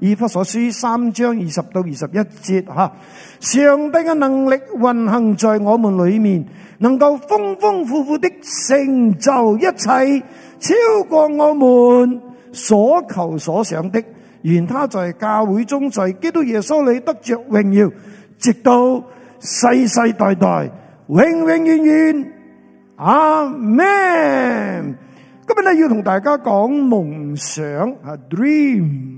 以弗所書，三章，二十到二十一節，上帝嘅能力，運行在我們裏面，能夠豐豐富富的，成就一切，超過我們，所求所想的。願他在教會中，在，基督耶穌裏得着榮耀，直到，世世代代，永永遠遠，阿門。今日咧要同大家講夢想，啊，dream,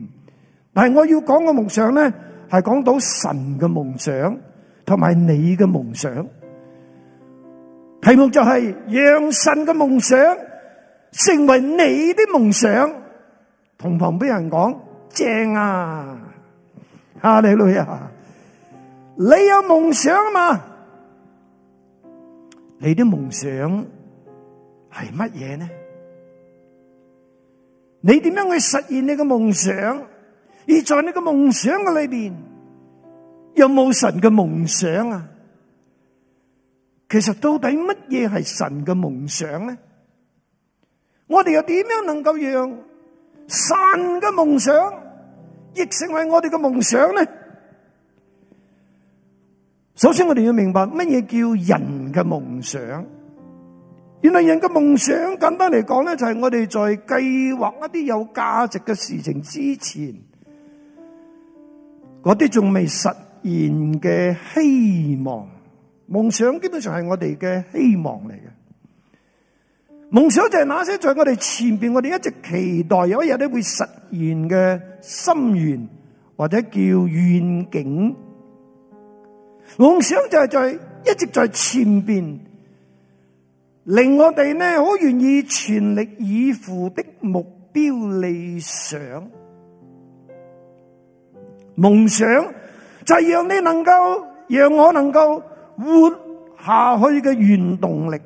但係，我要講嘅夢想咧，係講到神嘅夢想同埋你嘅夢想。題目就係讓神嘅夢想成為你的夢想。同旁邊人講正啊，阿麗女啊，你有夢想嘛？你的夢想係乜嘢呢？你點樣去實現你嘅夢想？而在你個夢想嘅裏邊，有冇神嘅夢想啊？其實到底乜嘢係神嘅夢想呢？我哋又點樣能夠讓神嘅夢想亦成為我哋嘅夢想呢？首先，我哋要明白乜嘢叫人嘅夢想。原來人嘅夢想簡單嚟講咧，就係我哋在計劃一啲有價值嘅事情之前，嗰啲仲未實現嘅希望、夢想，基本上係我哋嘅希望嚟嘅。夢想就係那些在我哋前邊，我哋一直期待有一日都會實現嘅心願，或者叫願景。夢想就係在一直在前邊，令我哋呢好願意全力以赴嘅目標理想。夢想就係讓你能夠，讓我能夠活下去嘅原動力，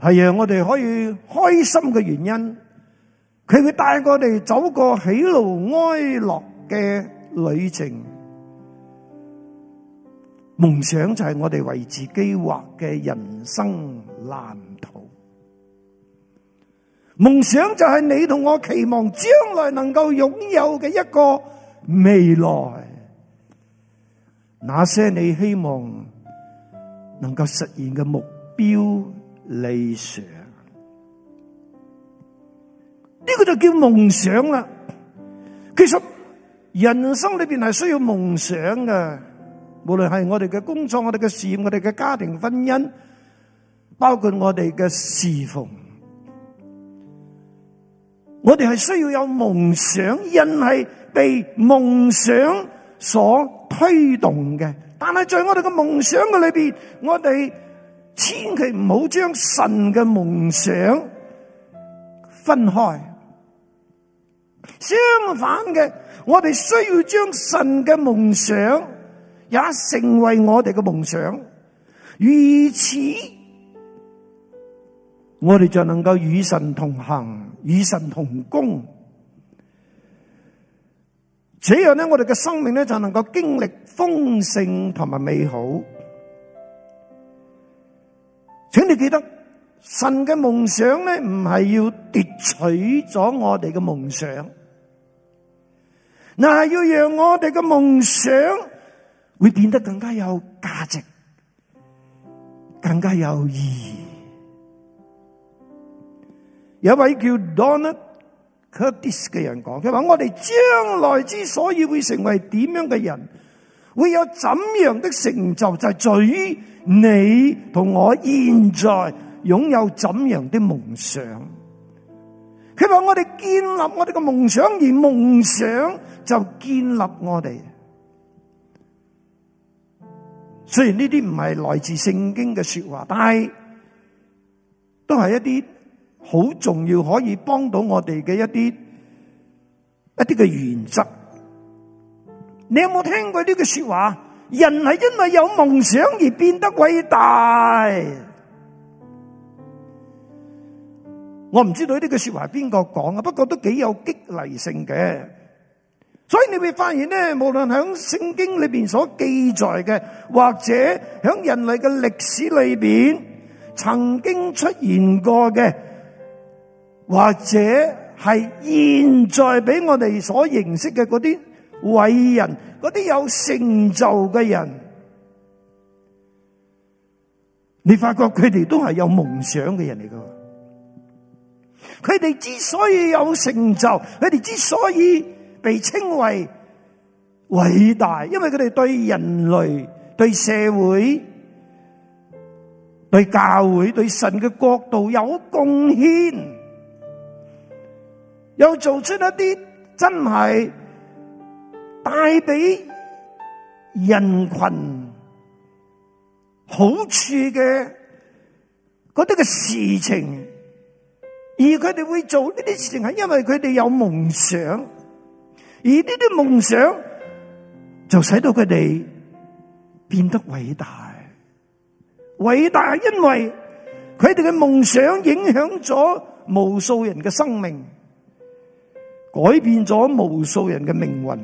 係讓我哋可以開心嘅原因。佢會帶我哋走過喜怒哀樂嘅旅程。夢想就係我哋為自己畫嘅人生藍圖。夢想就係你同我期望將來能夠擁有嘅一個。未來那些你希望能夠實現嘅目標理想，呢、這個就叫夢想啦。其實人生裏邊係需要夢想嘅，無論係我哋嘅工作、我哋嘅事業、我哋嘅家庭、婚姻，包括我哋嘅侍奉，我哋係需要有夢想，因為。被夢想所推動嘅，但係在我哋嘅夢想嘅裏邊，我哋千祈唔好將神嘅夢想分開。相反嘅，我哋需要將神嘅夢想也成為我哋嘅夢想。如此，我哋就能夠與神同行，與神同工。這樣咧，我哋嘅生命咧就能夠經歷豐盛同埋美好。請你記得，神嘅夢想咧唔係要奪取咗我哋嘅夢想，嗱係要讓我哋嘅夢想會變得更加有價值，更加有意義。有位叫做。佢啲嘅人講，佢話我哋將來之所以會成為點樣嘅人，會有怎樣的成就，就係在於你同我現在擁有怎樣的夢想。佢話我哋建立我哋嘅夢想，而夢想就建立我哋。雖然呢啲唔係來自聖經嘅說話，但係都係一啲。好重要，可以幫到我哋嘅一啲一啲嘅原則。你有冇聽過呢句說話？人係因為有夢想而變得偉大。我唔知道呢句說話係邊個講啊，不過都幾有激勵性嘅。所以你會發現咧，無論響聖經裏邊所記載嘅，或者響人類嘅歷史裏邊曾經出現過嘅。或者係現在俾我哋所認識嘅嗰啲偉人，嗰啲有成就嘅人，你發覺佢哋都係有夢想嘅人嚟噶。佢哋之所以有成就，佢哋之所以被稱為偉大，因為佢哋對人類、對社會、對教會、對神嘅國度有貢獻。又做出一啲真係帶俾人群好處嘅啲嘅事情，而佢哋會做呢啲事情，係因為佢哋有夢想，而呢啲夢想就使到佢哋變得偉大。偉大係因為佢哋嘅夢想影響咗無數人嘅生命。改變咗無數人嘅命運，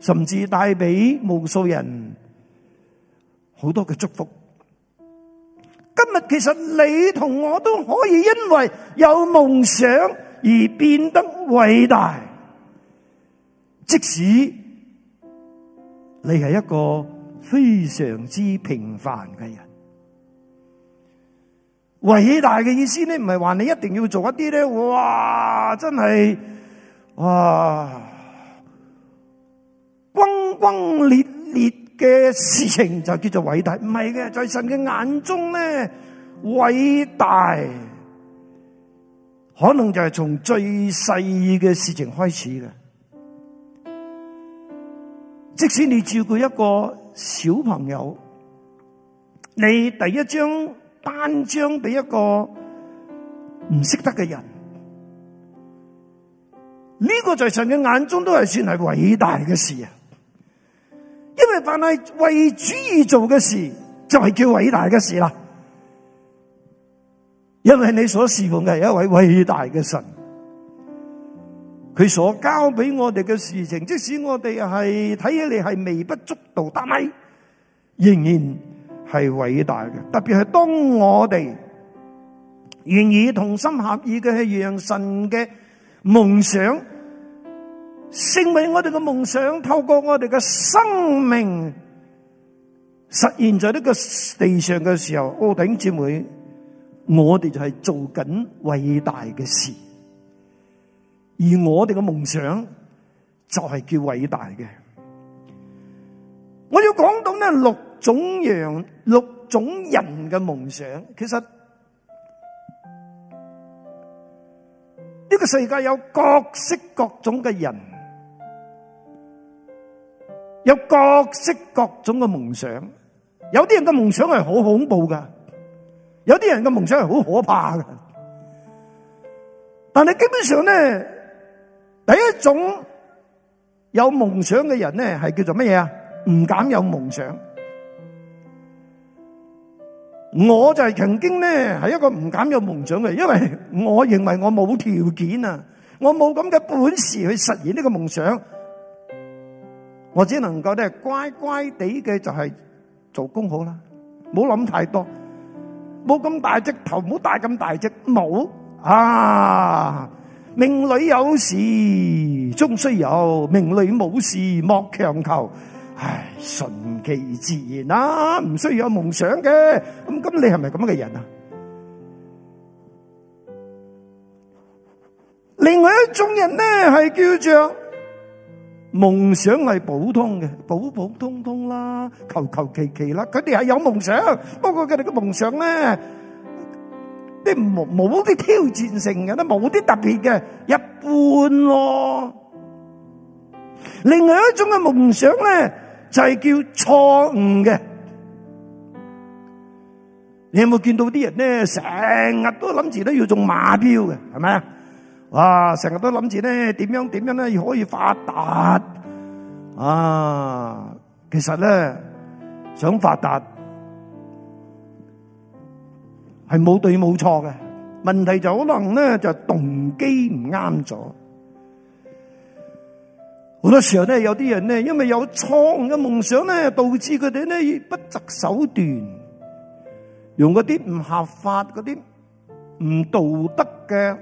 甚至帶俾無數人好多嘅祝福。今日其實你同我都可以因為有夢想而變得偉大，即使你係一個非常之平凡嘅人。偉大嘅意思咧，唔係話你一定要做一啲咧，哇！真係。哇！轟轟烈烈嘅事情就叫做偉大，唔係嘅，在、就是、神嘅眼中咧，偉大可能就係從最細嘅事情開始嘅。即使你照顧一個小朋友，你第一張單張俾一個唔識得嘅人。呢個在神嘅眼中都係算係偉大嘅事啊！因為凡係為主而做嘅事，就係、是、叫偉大嘅事啦。因為你所侍奉嘅係一位偉大嘅神，佢所交俾我哋嘅事情，即使我哋係睇起嚟，係微不足道，但係仍然係偉大嘅。特別係當我哋願意同心合意嘅去讓神嘅。夢想成為我哋嘅夢想，透過我哋嘅生命實現在呢個地上嘅時候，弟兄姊妹，我哋就係做緊偉大嘅事，而我哋嘅夢想就係叫偉大嘅。我要講到呢六種羊，六種人嘅夢想，其實。呢個世界有各式各種嘅人，有各式各種嘅夢想。有啲人嘅夢想係好恐怖噶，有啲人嘅夢想係好可怕噶。但係基本上咧，第一種有夢想嘅人咧，係叫做乜嘢啊？唔敢有夢想。我就係曾經咧，係一個唔敢有夢想嘅，因為我認為我冇條件啊，我冇咁嘅本事去實現呢個夢想，我只能夠咧乖乖地嘅就係做工好啦，唔好諗太多，冇咁大隻頭，唔好戴咁大隻帽啊！命裏有事終須有，命裏冇事莫強求。唉，順其自然啦，唔需要有夢想嘅。咁咁，你係咪咁樣嘅人啊？另外一種人咧，係叫做夢想係普通嘅，普普通通啦，求求其其啦。佢哋係有夢想，不過佢哋嘅夢想咧，啲冇冇啲挑戰性嘅，都冇啲特別嘅，一般咯。另外一種嘅夢想咧。就係叫錯誤嘅，你有冇見到啲人咧？成日都諗住都要中馬票嘅，係咪啊？哇！成日都諗住咧，點樣點樣咧，又可以發達啊？其實咧，想發達係冇對冇錯嘅，問題就可能咧就動機唔啱咗。好多時候咧，有啲人咧，因為有錯誤嘅夢想咧，導致佢哋咧不擇手段，用嗰啲唔合法，嗰啲唔道德嘅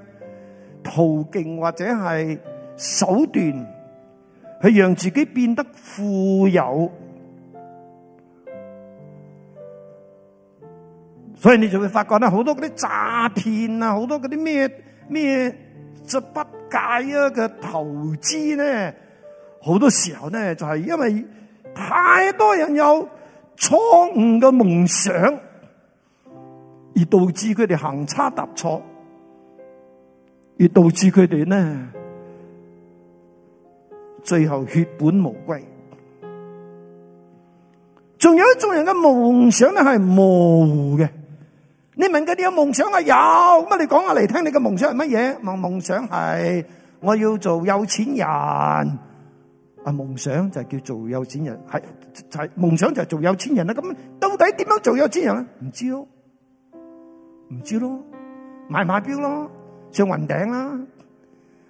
途徑或者係手段，去讓自己變得富有。所以你就會發覺咧，好多嗰啲詐騙啊，好多嗰啲咩咩就不解啊嘅投資咧。好多時候咧，就係、是、因為太多人有錯誤嘅夢想，而導致佢哋行差踏錯，而導致佢哋咧最後血本無歸。仲有一種人嘅夢想咧係模糊嘅，你問佢哋有夢想啊？有。咁你講下嚟聽你夢，你嘅夢想係乜嘢？夢夢想係我要做有錢人。啊！夢想就係叫做有錢人，係就係夢想就係做有錢人啦。咁到底點樣做有錢人咧？唔知咯，唔知咯，買馬標咯，上雲頂啦，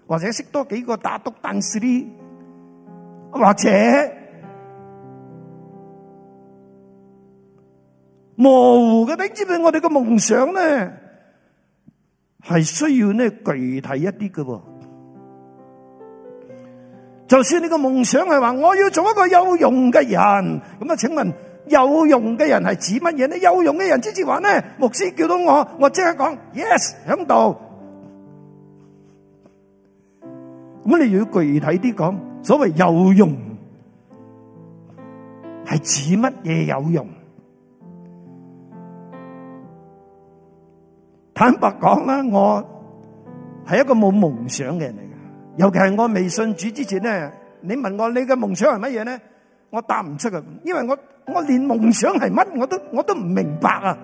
或者識多幾個打賭單士啲，或者模糊嘅，點知佢我哋嘅夢想咧，係需要咧具體一啲嘅噃。就算你個夢想係話我要做一個有用嘅人，咁啊，請問有用嘅人係指乜嘢咧？有用嘅人，人之前話咧，牧師叫到我，我即刻講 yes 響度。咁你要具體啲講，所謂有用係指乜嘢有用？坦白講啦，我係一個冇夢想嘅人嚟。尤其係我未信主之前咧，你問我你嘅夢想係乜嘢咧？我答唔出嘅，因為我我連夢想係乜我都我都唔明白啊！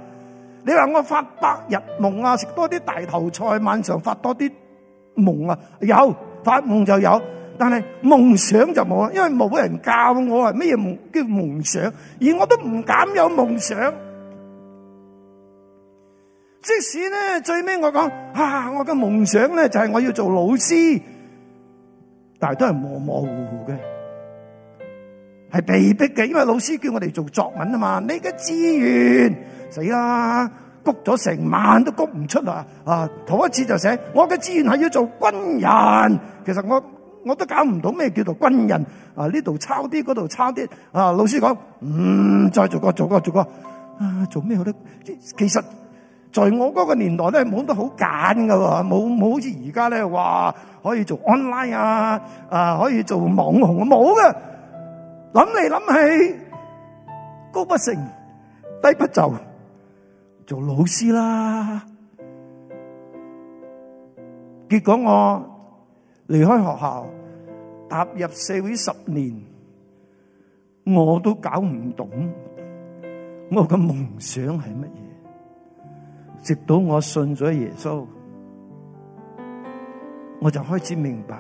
你話我發白日夢啊，食多啲大頭菜，晚上發多啲夢啊，有發夢就有，但係夢想就冇啊，因為冇人教我係咩夢叫夢想，而我都唔敢有夢想。即使咧最尾我講啊，我嘅夢想咧就係我要做老師。但係都係模模糊糊嘅，係被逼嘅，因為老師叫我哋做作文啊嘛。你嘅志願死啦，谷咗成晚都谷唔出嚟啊！啊，頭一次就寫我嘅志願係要做軍人，其實我我都搞唔到咩叫做軍人啊！呢度抄啲，嗰度抄啲啊！老師講，嗯，再做個，做個，做個啊，做咩好咧？其實。在我嗰個年代咧，冇得好揀噶喎，冇冇好似而家咧，話可以做 online 啊，啊可以做網紅啊，冇嘅。諗嚟諗去，高不成低不就，做老師啦。結果我離開學校，踏入社會十年，我都搞唔懂我嘅夢想係乜嘢。直到我信咗耶穌，我就開始明白，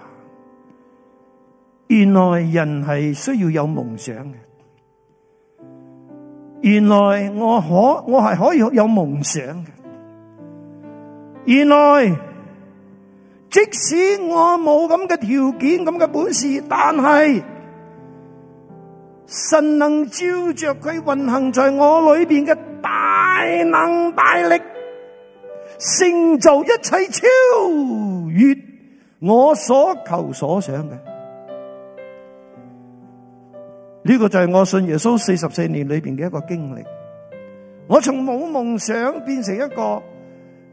原來人係需要有夢想嘅。原來我可我係可以有夢想嘅。原來即使我冇咁嘅條件、咁嘅本事，但係神能照着佢運行在我裏邊嘅大能大力。成就一切超越我所求所想嘅呢，呢個就係我信耶穌四十四年裏邊嘅一個經歷。我從冇夢想變成一個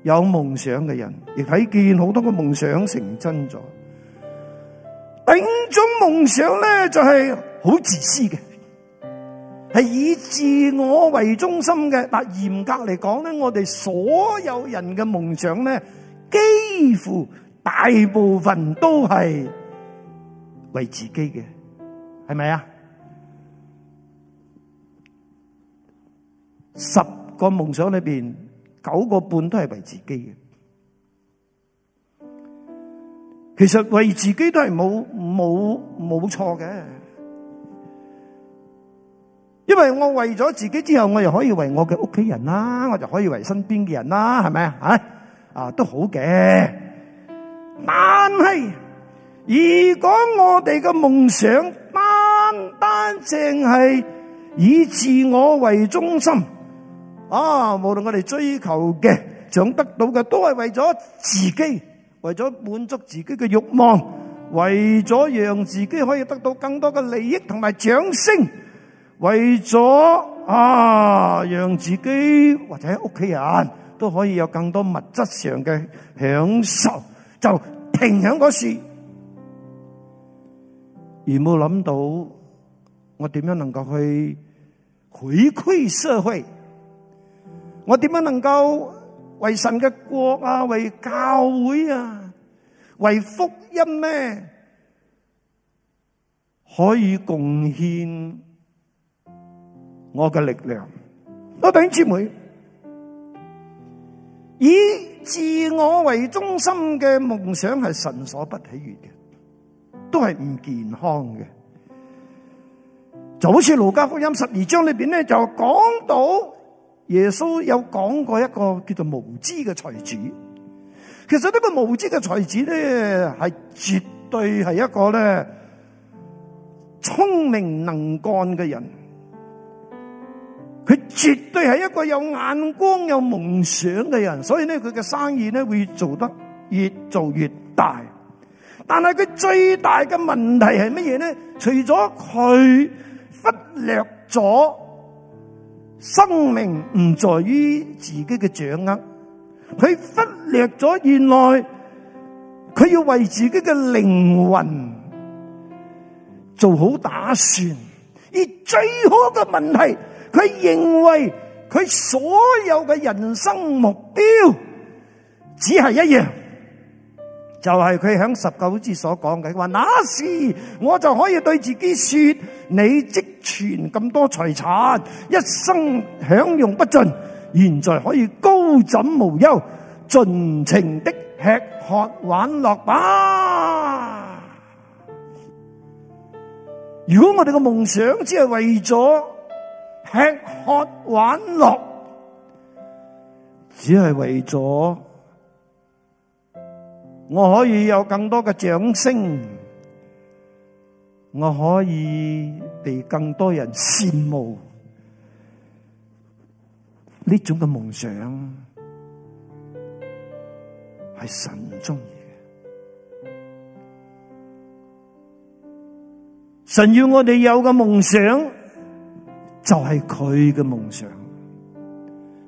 有夢想嘅人，亦睇見好多嘅夢想成真咗。第五種夢想咧就係好自私嘅。係以自我為中心嘅，但，嚴格嚟講咧，我哋所有人嘅夢想咧，幾乎大部分都係為自己嘅，係咪啊？十個夢想裏邊九個半都係為自己嘅，其實為自己都係冇冇冇錯嘅。因為我為咗自己之後，我又可以為我嘅屋企人啦，我就可以為身邊嘅人啦，係咪啊？啊，都好嘅。但係如果我哋嘅夢想單單淨係以自我為中心，啊，無論我哋追求嘅、想得到嘅，都係為咗自己，為咗滿足自己嘅慾望，為咗讓自己可以得到更多嘅利益同埋掌聲。為咗啊，讓自己或者屋企人都可以有更多物質上嘅享受，就停響嗰事，而冇諗到我點樣能夠去回饋社會，我點樣能夠為神嘅國啊，為教會啊，為福音咩可以貢獻？我嘅力量，我弟兄姊妹，以自我為中心嘅夢想係神所不喜悅嘅，都係唔健康嘅。就好似《路加福音》十二章裏邊咧，就講到耶穌有講過一個叫做無知嘅財主。其實呢個無知嘅財主咧，係絕對係一個咧聰明能幹嘅人。佢絕對係一個有眼光、有夢想嘅人，所以咧佢嘅生意咧會做得越做越大。但係佢最大嘅問題係乜嘢咧？除咗佢忽略咗生命唔在於自己嘅掌握，佢忽略咗原來佢要為自己嘅靈魂做好打算，而最好嘅問題。佢認為佢所有嘅人生目標只係一樣，就係佢喺十九節所講嘅話，那時我就可以對自己說：你積存咁多財產，一生享用不盡，現在可以高枕無憂，盡情的吃喝玩樂吧。如果我哋嘅夢想只係為咗，吃喝玩樂，只係為咗我可以有更多嘅掌聲，我可以被更多人羨慕，呢種嘅夢想係神唔中意嘅。神要我哋有個夢想。就係佢嘅夢想。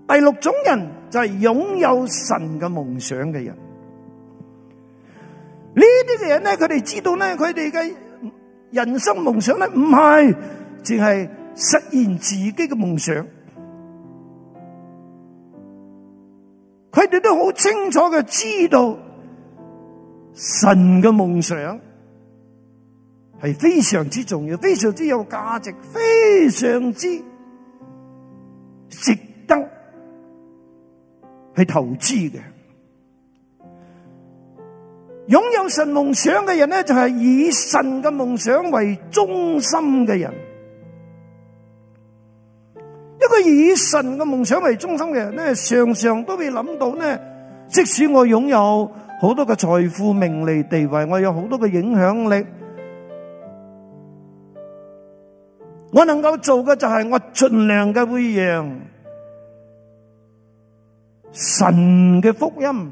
第六種人就係擁有神嘅夢想嘅人。人呢啲嘅人咧，佢哋知道咧，佢哋嘅人生夢想咧，唔係淨係實現自己嘅夢想。佢哋都好清楚嘅知道神嘅夢想。係非常之重要，非常之有價值，非常之值得去投資嘅。擁有神夢想嘅人咧，就係、是、以神嘅夢想為中心嘅人。一個以神嘅夢想為中心嘅人咧，常常都會諗到呢，即使我擁有好多嘅財富、名利、地位，我有好多嘅影響力。我能夠做嘅就係我盡量嘅會讓神嘅福音、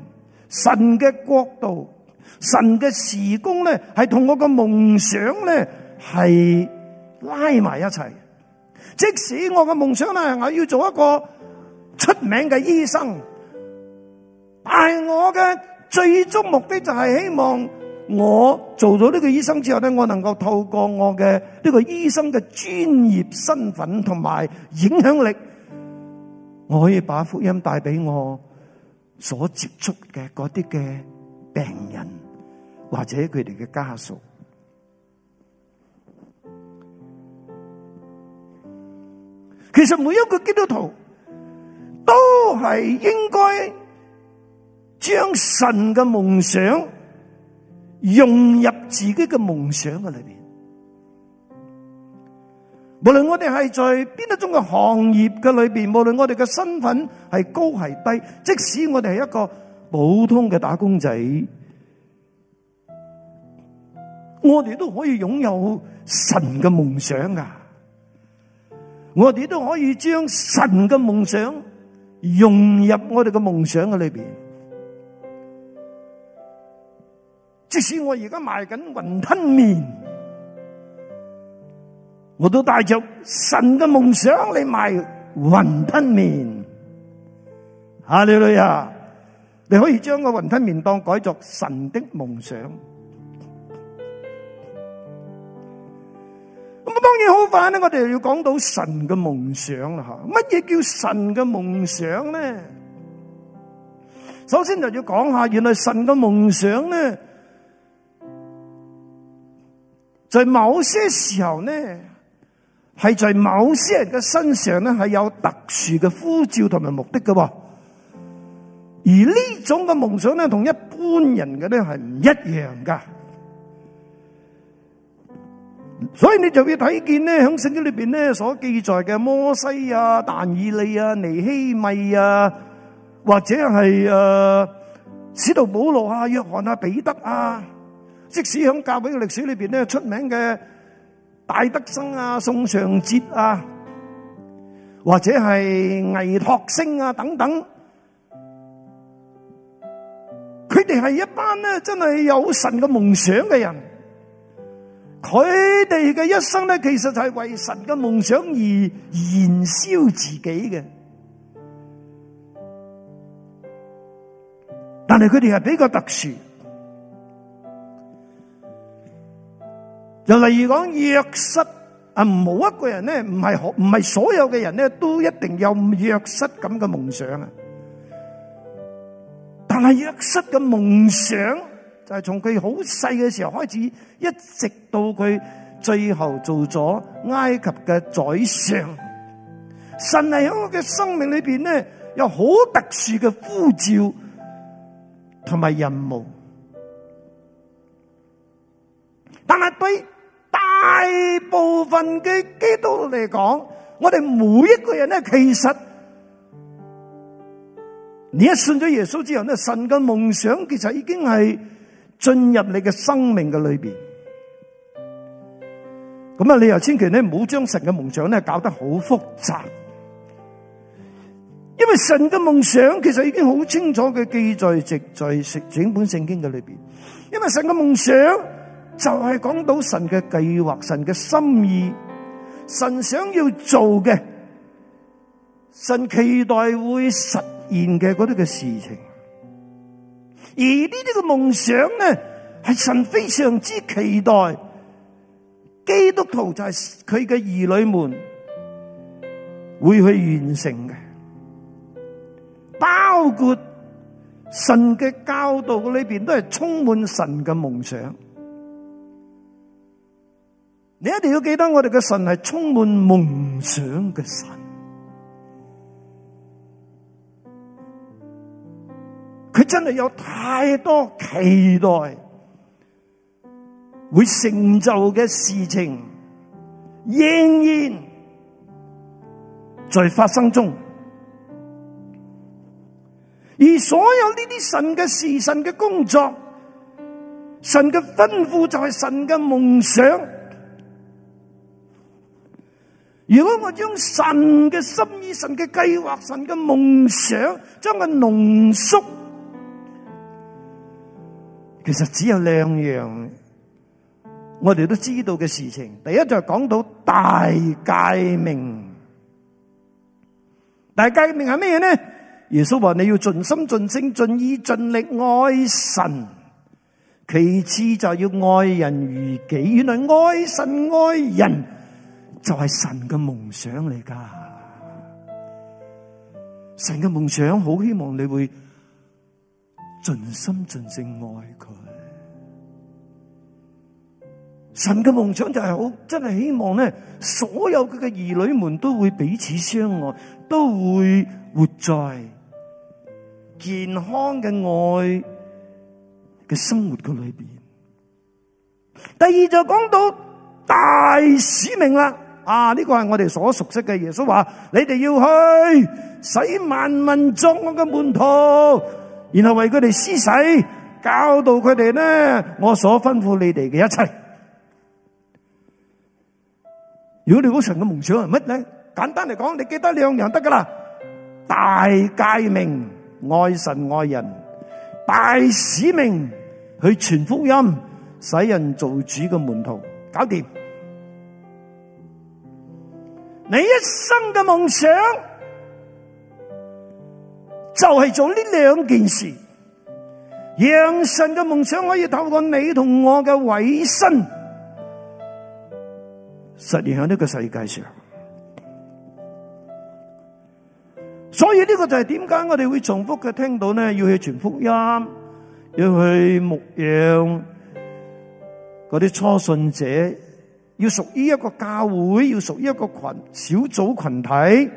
神嘅國度、神嘅事工咧，係同我嘅夢想咧係拉埋一齊。即使我嘅夢想咧，我要做一個出名嘅醫生，但係我嘅最終目的就係希望。我做咗呢個醫生之後咧，我能夠透過我嘅呢個醫生嘅專業身份同埋影響力，我可以把福音帶俾我所接觸嘅嗰啲嘅病人或者佢哋嘅家屬。其實每一個基督徒都係應該將神嘅夢想。融入自己嘅夢想嘅裏邊，無論我哋係在邊一種嘅行業嘅裏邊，無論我哋嘅身份係高係低，即使我哋係一個普通嘅打工仔，我哋都可以擁有神嘅夢想㗎，我哋都可以將神嘅夢想融入我哋嘅夢想嘅裏邊。即使我而家賣緊雲吞麵，我都帶着神嘅夢想嚟賣雲吞麵。吓，你女啊，你可以將個雲吞麵當改作神的夢想。咁啊，當然好快咧，我哋又要講到神嘅夢想啦吓。乜嘢叫神嘅夢想咧？首先就要講下，原來神嘅夢想咧。在某些時候呢，是在某些人的身上呢，是有特殊的呼召同埋目的的。而這種的夢想呢，同一般人的呢，是唔一樣的。所以你就要睇見呢，在聖經裏面所記載的摩西啊、但以利啊、尼希米啊，或者是，呃、使徒保羅啊、約翰啊、彼得啊，即使響教會嘅歷史裏邊咧，出名嘅戴德生啊、宋尚節啊，或者係倪柝聲啊等等，佢哋係一班咧真係有神嘅夢想嘅人。佢哋嘅一生咧，其實就係為神嘅夢想而燃燒自己嘅。但係佢哋係比較特殊。又例如講約瑟啊，冇一個人咧，唔係唔係所有嘅人咧，都一定有約瑟咁嘅夢想啊。但係約瑟嘅夢想就係從佢好細嘅時候開始，一直到佢最後做咗埃及嘅宰相，神喺我嘅生命裏邊咧，有好特殊嘅呼召同埋任務，但係對。大部分嘅基督徒嚟講，我哋每一個人咧，其實你一信咗耶穌之後咧，神嘅夢想其實已經係進入你嘅生命嘅裏邊。咁啊，你又千祈咧唔好將神嘅夢想咧搞得好複雜，因為神嘅夢想其實已經好清楚嘅記載，直在整本聖經嘅裏邊。因為神嘅夢想。就係講到神嘅計劃、神嘅心意、神想要做嘅、神期待會實現嘅啲嘅事情，而呢啲嘅夢想咧，係神非常之期待，基督徒就係佢嘅兒女們會去完成嘅，包括神嘅教導裏邊都係充滿神嘅夢想。你一定要記得，我哋嘅神係充滿夢想嘅神，佢真係有太多期待會成就嘅事情，仍然在發生中。而所有呢啲神嘅事，神嘅工作，神嘅吩咐，就係神嘅夢想。如果我將神嘅心意、神嘅計劃、神嘅夢想，將佢濃縮，其實只有兩樣，我哋都知道嘅事情。第一就係講到大誡命，大誡命係咩嘢呢？耶穌話你要盡心盡、盡性、盡意、盡力愛神。其次就要愛人如己。原來愛神愛人。就係神嘅夢想嚟噶，神嘅夢想好希望你會盡心盡性愛佢。神嘅夢想就係好真係希望咧，所有佢嘅兒女們都會彼此相愛，都會活在健康嘅愛嘅生活嘅裏邊。第二就講到大使命啦。啊！呢個係我哋所熟悉嘅耶穌話：「你哋要去使萬民作我嘅門徒，然後為佢哋施洗、教導佢哋呢。我所吩咐你哋嘅一切，如果你講神嘅夢想係乜呢？簡單嚟講，你記得兩樣得噶啦：大誡命愛神愛人，大使命去傳福音，使人做主嘅門徒，搞掂。你一生嘅夢想就係做呢兩件事，讓神嘅夢想可以透過你同我嘅委身實現喺呢個世界上。所以呢個就係點解我哋會重複嘅聽到呢，要去傳福音，要去牧養嗰啲初信者。要屬於一個教會，要屬於一個群小組群體，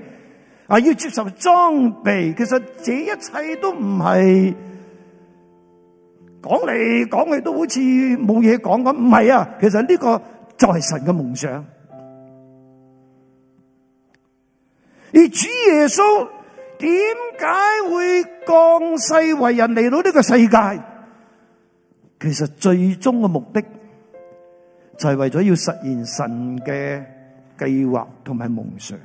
啊，要接受裝備。其實這一切都唔係講嚟講去都好似冇嘢講咁。唔係啊，其實呢個就係神嘅夢想。而主耶穌點解會降世為人嚟到呢個世界？其實最終嘅目的。就係為咗要實現神嘅計劃同埋夢想，呢、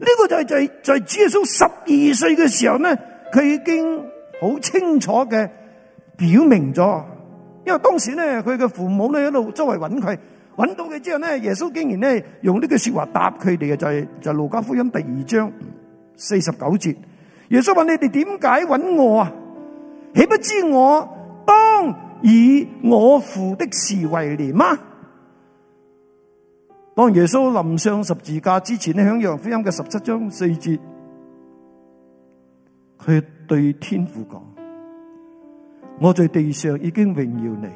這個就係、是、就係就係主耶穌十二歲嘅時候咧，佢已經好清楚嘅表明咗。因為當時咧，佢嘅父母咧喺度周圍揾佢，揾到佢之後咧，耶穌竟然咧用呢句說話答佢哋嘅，就係、是、就係、是、路加福音第二章四十九節，耶穌問你哋點解揾我啊？豈不知我？以我父的事為念嗎、啊？當耶穌臨上十字架之前咧，響《約翰福音》嘅十七章四節，佢對天父講：，我在地上已經榮耀你，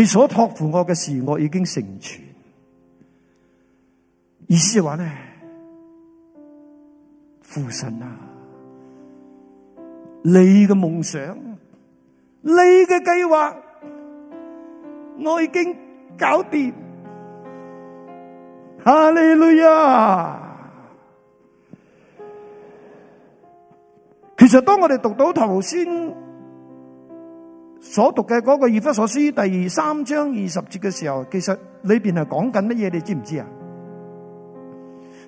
你所託付我嘅事，我已經成全。意思話咧，父神啊，你嘅夢想。你嘅計劃我已經搞掂，哈利路亞！其實當我哋讀到頭先所讀嘅嗰個《以弗所書》第三章二十節嘅時候，其實裏邊係講緊乜嘢？你知唔知啊？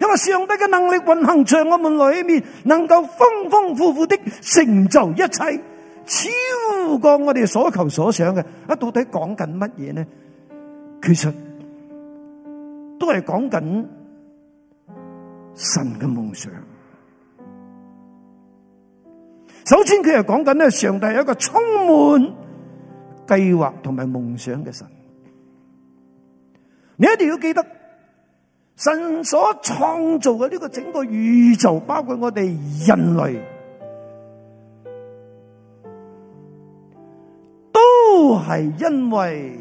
因為上帝嘅能力運行在我們裏面，能夠豐豐富富的成就一切。超過我哋所求所想嘅，啊，到底講緊乜嘢呢？其實都係講緊神嘅夢想。首先，佢係講緊呢，上帝係一個充滿計劃同埋夢想嘅神。你一定要記得，神所創造嘅呢個整個宇宙，包括我哋人類。都係因為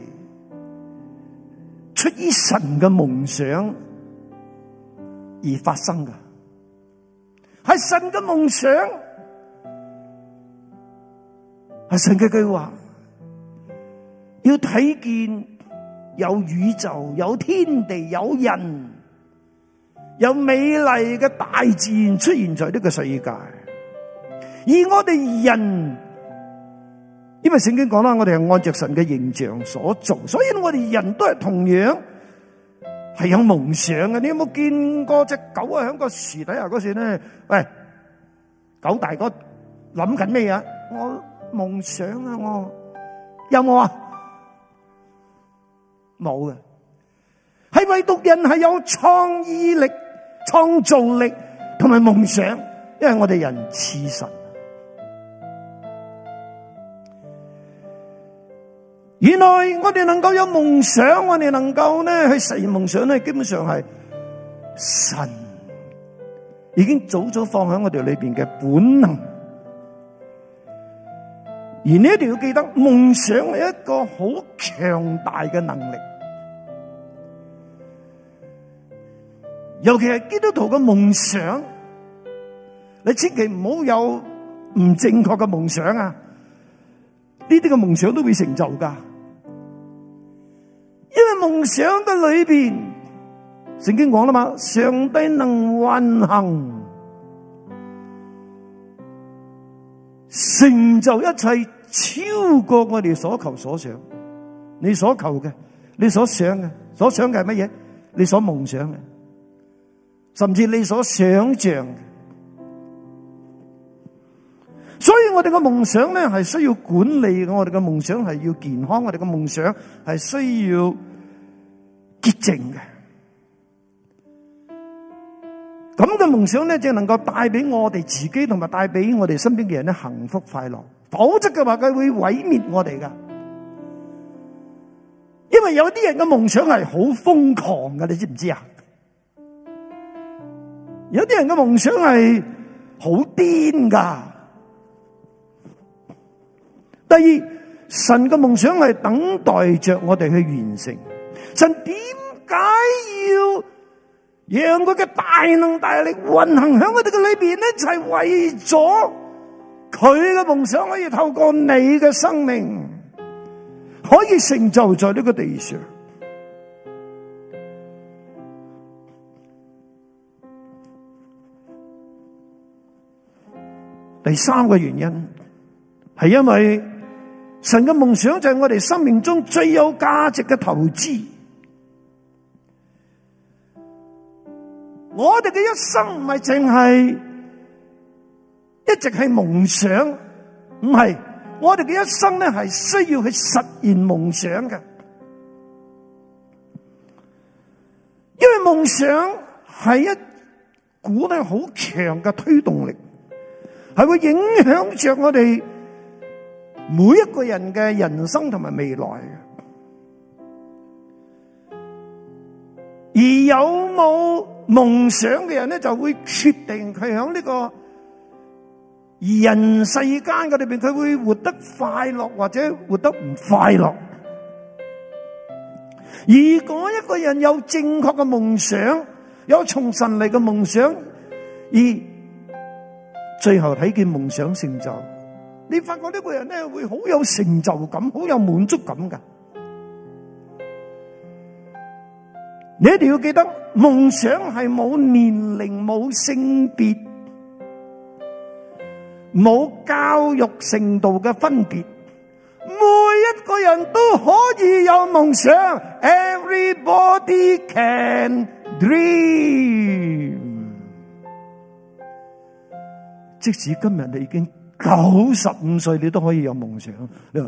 出於神嘅夢想而發生嘅，係神嘅夢想，係神嘅句話，要睇見有宇宙、有天地、有人，有美麗嘅大自然出現在呢個世界，而我哋人。因為聖經講啦，我哋係按着神嘅形象所做，所以我哋人都係同樣係有夢想嘅。你有冇見過隻狗啊？喺個樹底下嗰時咧，喂，狗大哥諗緊咩啊？我夢想啊，我有冇啊？冇嘅，係唯獨人係有創意力、創造力同埋夢想，因為我哋人似神，神。原來我哋能夠有夢想，我哋能夠呢去實現夢想呢，基本上係神已經早早放喺我哋裏邊嘅本能。而你一定要記得，夢想係一個好強大嘅能力，尤其係基督徒嘅夢想，你千祈唔好有唔正確嘅夢想啊！呢啲嘅夢想都會成就㗎。因為夢想嘅裏邊，聖經講啦嘛，上帝能運行，成就一切，超過我哋所求所想。你所求嘅，你所想嘅，所想嘅係乜嘢？你所夢想嘅，甚至你所想象嘅。所以我哋嘅夢想咧，係需要管理嘅，我哋嘅夢想係要健康，我哋嘅夢想係需要潔淨嘅。咁嘅夢想咧，就能夠帶俾我哋自己，同埋帶俾我哋身邊嘅人咧，幸福快樂。否則嘅話，佢會毀滅我哋噶。因為有啲人嘅夢想係好瘋狂噶，你知唔知啊？有啲人嘅夢想係好癲噶。第二，神嘅夢想係等待着我哋去完成。神點解要讓佢嘅大能大力運行喺我哋嘅裏邊呢？就係為咗佢嘅夢想可以透過你嘅生命可以成就在呢個地上。第三個原因係因為。神嘅夢想就係我哋生命中最有價值嘅投資。我哋嘅一生唔係淨係一直係夢想，唔係，我哋嘅一生咧係需要去實現夢想嘅。因為夢想係一股咧好強嘅推動力，係會影響着我哋。每一個人嘅人生同埋未來嘅，而有冇夢想嘅人咧，就會決定佢喺呢個人世間嘅裏邊，佢會活得快樂或者活得唔快樂。如果一個人有正確嘅夢想，有從神嚟嘅夢想，而最後睇見夢想成就。你發覺呢個人咧會好有成就感，好有滿足感噶。你一定要記得，夢想係冇年齡、冇性別、冇教育程度嘅分別。每一個人都可以有夢想，Everybody can dream。即使今日你已經，九十五歲你都可以有夢想，你話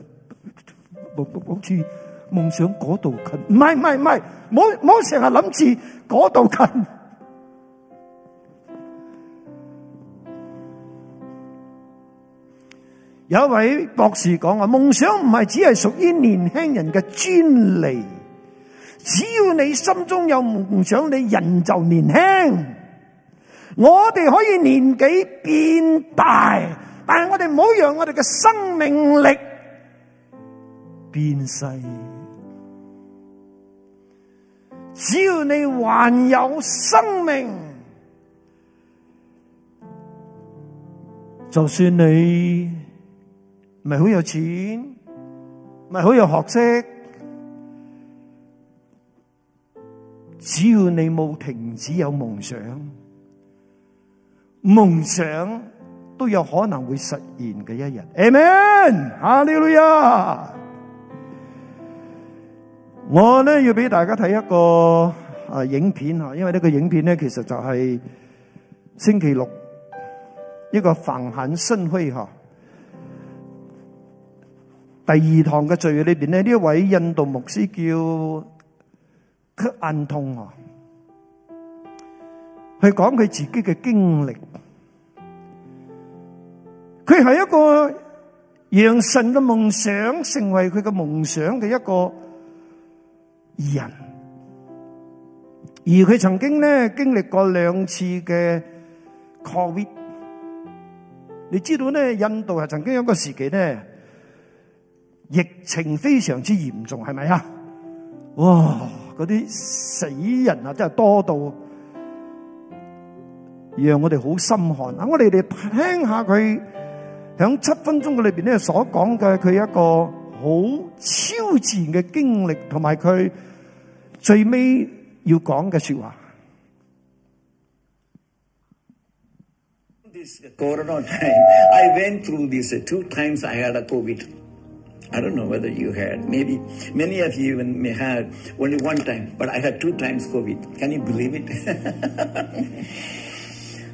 好似夢想嗰度近？唔係唔係唔係，我我成日諗住嗰度近。有一位博士講話，夢想唔係只係屬於年輕人嘅專利，只要你心中有夢想，你人就年輕。我哋可以年紀變大。但係我哋唔好讓我哋嘅生命力變細。只要你還有生命，就算你唔係好有錢，唔係好有學識，只要你冇停止有夢想，夢想。都有可能會實現嘅一日，Amen 啊，哈利路亞啊，我咧要俾大家睇一個誒影片吓，因為呢個影片咧其實就係星期六一個繁衍盛會吓，第二堂嘅聚會裏邊咧，呢位印度牧師叫克銀通啊，去講佢自己嘅經歷。佢係一個讓神嘅夢想成為佢嘅夢想嘅一個人，而佢曾經咧經歷過兩次嘅 COVID，你知道咧，印度係曾經有個時期咧疫情非常之嚴重，係咪啊？哇，嗰啲死人啊真係多到，讓我哋好心寒啊！我哋嚟聽下佢。喺七分鐘嘅裏邊咧，所講嘅佢一個好超自然嘅經歷，同埋佢最尾要講嘅說話。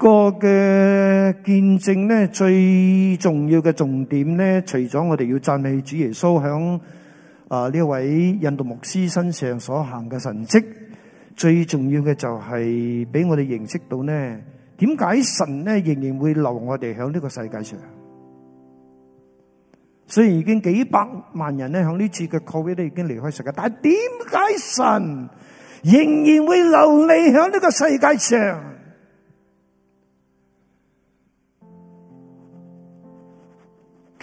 個嘅見證咧，最重要嘅重點咧，除咗我哋要讚美主耶穌響啊呢位印度牧師身上所行嘅神蹟，最重要嘅就係俾我哋認識到咧，點解神咧仍然會留我哋喺呢個世界上？雖然已經幾百萬人咧喺呢次嘅 COVID 都已經離開世界，但係點解神仍然會留你喺呢個世界上？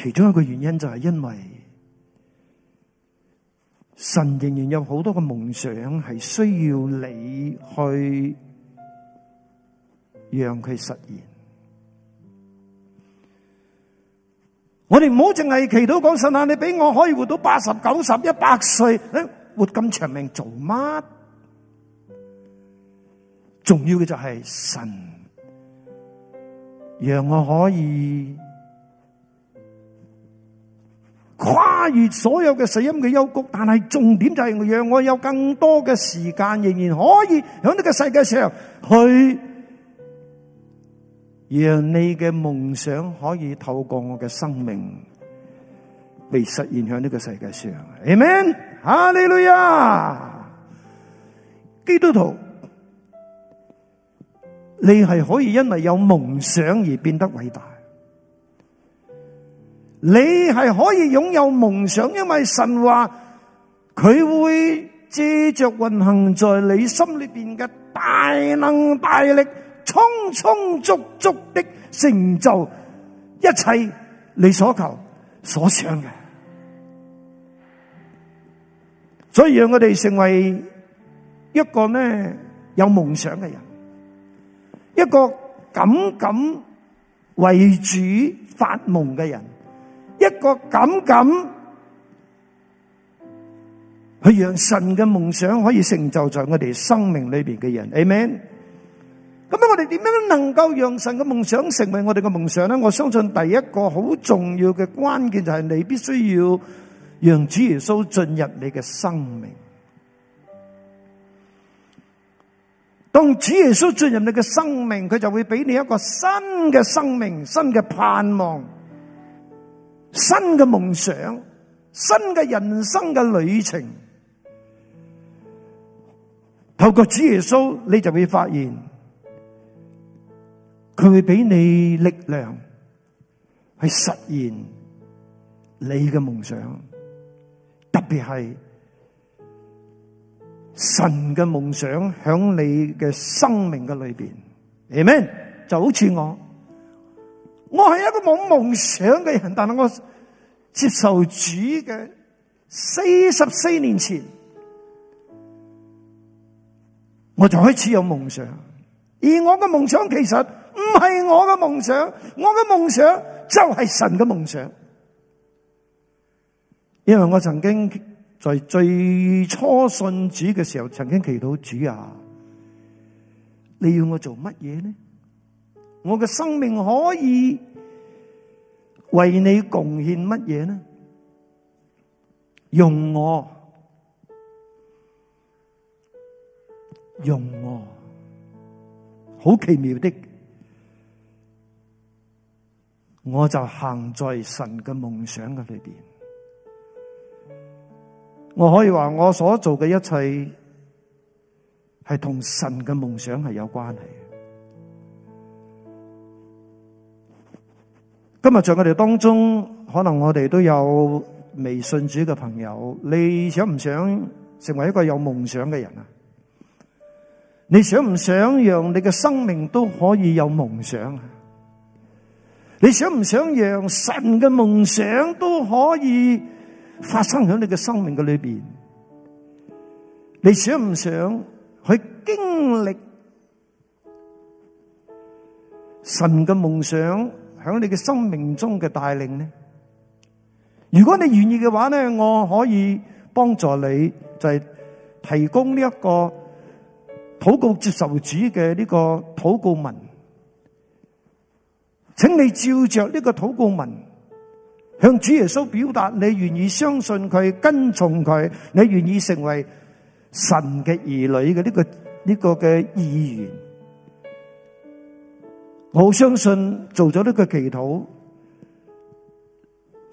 其中一個原因就係因為神仍然有好多嘅夢想係需要你去讓佢實現。我哋唔好淨係祈禱講神啊，你俾我可以活到八十、九十、一百歲，誒，活咁長命做乜？重要嘅就係神讓我可以。跨越所有嘅死蔭嘅幽谷，但係重點就係讓我有更多嘅時間，仍然可以響呢個世界上去，讓你嘅夢想可以透過我嘅生命被實現響呢個世界上。Amen！哈利路亞，基督徒，你係可以因為有夢想而變得偉大。你係可以擁有夢想，因為神話佢會借着運行在你心裏邊嘅大能大力，充充足足的成就一切你所求所想嘅。所以讓我哋成為一個呢有夢想嘅人，一個敢敢為主發夢嘅人。一個敢敢去讓神嘅夢想可以成就在我哋生命裏邊嘅人，Amen。咁樣我哋點樣能夠讓神嘅夢想成為我哋嘅夢想呢？我相信第一個好重要嘅關鍵就係你必須要讓主耶穌進入你嘅生命。當主耶穌進入你嘅生命，佢就會俾你一個新嘅生命，新嘅盼望。新嘅夢想，新嘅人生嘅旅程，我係一個冇夢想嘅人，但係我接受主嘅四十四年前，我就開始有夢想。而我嘅夢想其實唔係我嘅夢想，我嘅夢想就係神嘅夢想。因為我曾經在最初信主嘅時候，曾經祈禱主啊，你要我做乜嘢呢？我嘅生命可以為你貢獻乜嘢呢？用我，用我，好奇妙的，我就行在神嘅夢想嘅裏邊。我可以話我所做嘅一切係同神嘅夢想係有關係。今日在我哋當中，可能我哋都有未信主嘅朋友。你想唔想成為一個有夢想嘅人啊？你想唔想讓你嘅生命都可以有夢想啊？你想唔想讓神嘅夢想都可以發生喺你嘅生命嘅裏邊？你想唔想去經歷神嘅夢想？響你嘅生命中嘅帶領呢？如果你願意嘅話呢，我可以幫助你，就係提供呢一個禱告接受主嘅呢個禱告文，請你照着呢個禱告文向主耶穌表達你願意相信佢、跟從佢，你願意成為神嘅兒女嘅呢個呢個嘅意願。我相信做咗呢個祈禱，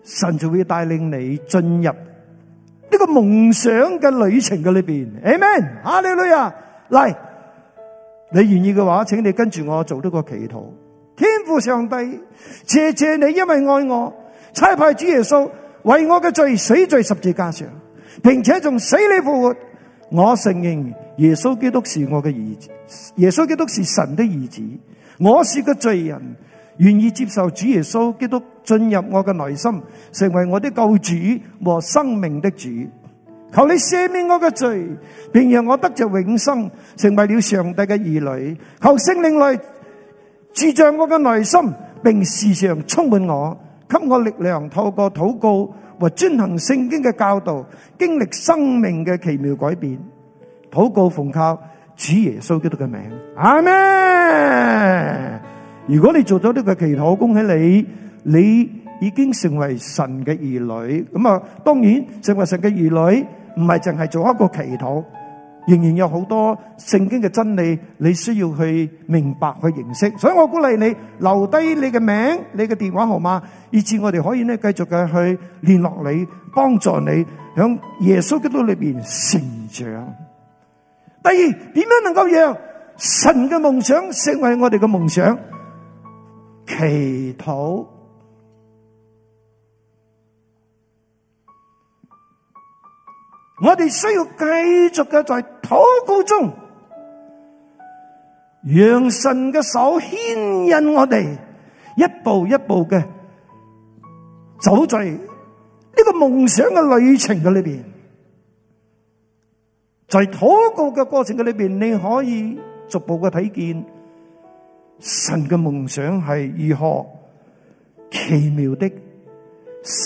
神就會帶領你進入呢個夢想嘅旅程嘅裏邊。Amen 阿女女啊，嚟！你願意嘅話，請你跟住我做呢個祈禱。天父上帝，謝謝你，因為愛我，差派主耶穌為我嘅罪死在十字架上，並且從死裏復活。我承認耶穌基督是我嘅兒子，耶穌基督是神的兒子。我是個罪人，願意接受主耶穌基督進入我嘅內心，成為我的救主和生命的主。求你赦免我嘅罪，並讓我得着永生，成為了上帝嘅兒女。求聖靈來住在我嘅內心，並時常充滿我，給我力量，透過禱告和遵行聖經嘅教導，經歷生命嘅奇妙改變。禱告奉靠。主耶穌基督嘅名，阿們。如果你做咗呢個祈禱，恭喜你，你已經成為神嘅兒女。咁啊，當然成為神嘅兒女唔係淨係做一個祈禱，仍然有好多聖經嘅真理你需要去明白、去認識。所以我鼓勵你留低你嘅名、你嘅電話號碼，以致我哋可以呢繼續嘅去聯絡你，幫助你響耶穌基督裏邊成長。第二，點樣能夠讓神嘅夢想，成為我哋嘅夢想？在禱告嘅過程嘅裏邊，你可以逐步嘅睇見神嘅夢想係如何奇妙的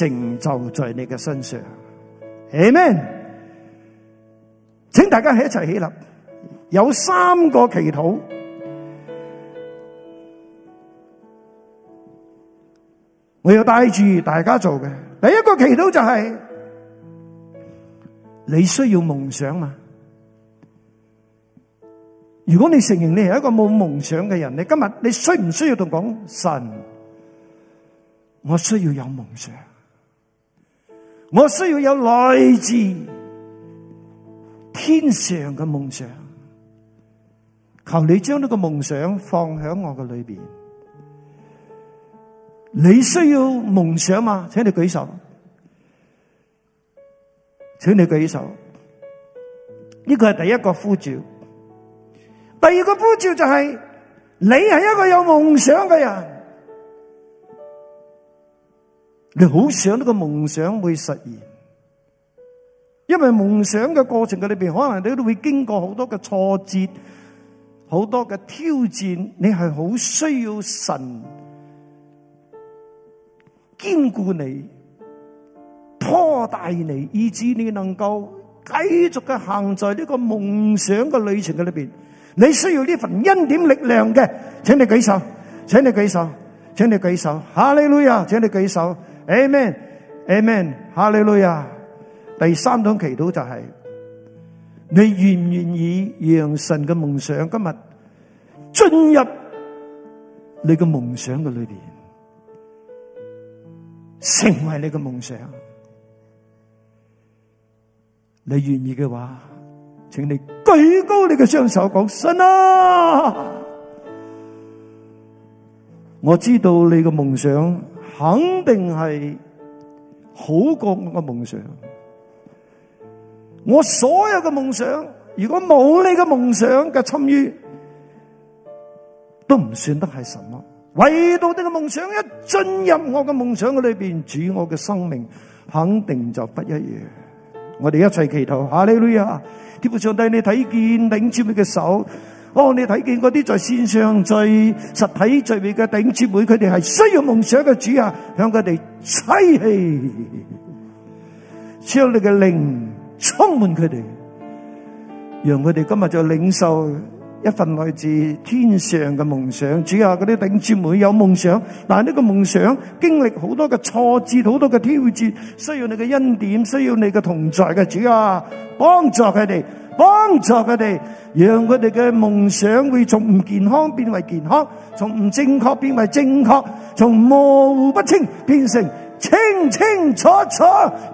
成就在你嘅身上。Amen！請大家喺一齊起，起立。有三個祈禱，我要帶住大家做嘅第一個祈禱就係、是、你需要夢想啊！如果你承認你係一個冇夢想嘅人，你今日你需唔需要同講：神，我需要有夢想，我需要有來自天上嘅夢想。求你將呢個夢想放喺我嘅裏邊。你需要夢想嗎？請你舉手，請你舉手。呢個係第一個呼召。第二個呼召就係、是，你係一個有夢想嘅人,你好想呢個夢想會實現。因為夢想嘅過程嘅裏邊,可能你都會經過好多嘅挫折,好多嘅挑戰,你係好需要神堅固你,拖大你,以至你能夠繼續嘅行在呢個夢想嘅旅程嘅裏邊。你需要呢份恩典力量嘅，請你舉手，請你舉手，請你舉手，哈利路亞，請你舉手，Amen，Amen，哈利路亞。第三種祈禱就係，你願唔願意讓神嘅夢想今日進入你嘅夢想嘅裏邊，成為你嘅夢想？你願意嘅話。請你舉高你嘅雙手，講信啦、啊！我知道你嘅夢想肯定係好過我嘅夢想。我所有嘅夢想，如果冇你嘅夢想嘅參與，都唔算得係什麼。唯獨你嘅夢想一進入我嘅夢想嘅裏邊，主我嘅生命肯定就不一樣。我哋一齊祈禱，哈利路亞！天父上帝，你睇見領主妹嘅手？哦，你睇見嗰啲在線上聚、實體聚會嘅領主妹，佢哋係需要夢想嘅主啊！向佢哋吹氣，將你嘅靈充滿佢哋，讓佢哋今日就領受。一份來自天上嘅夢想，主啊，嗰啲頂住會有夢想，但係呢個夢想經歷好多嘅挫折，好多嘅挑戰，需要你嘅恩典，需要你嘅同在嘅主啊，幫助佢哋，幫助佢哋，讓佢哋嘅夢想會從唔健康變為健康，從唔正確變為正確，從模糊不清變成清清楚楚。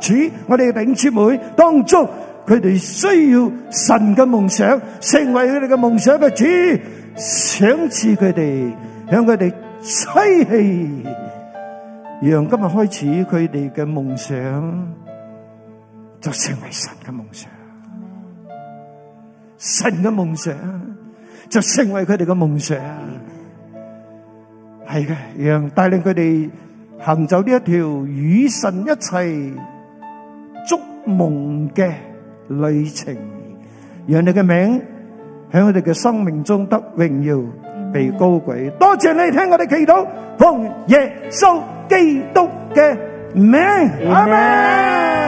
主，我哋嘅頂住會當中。佢哋需要神嘅夢想成為佢哋嘅夢想嘅。主想賜佢哋，向佢哋吹氣，讓今日開始佢哋嘅夢想就成為神嘅夢想，神嘅夢想就成為佢哋嘅夢想。係嘅，讓帶領佢哋行走呢一條與神一齊築夢嘅。旅程，讓你嘅名喺我哋嘅生命中得榮耀，被高舉。多謝你聽我哋祈禱，奉耶穌基督嘅名，阿門。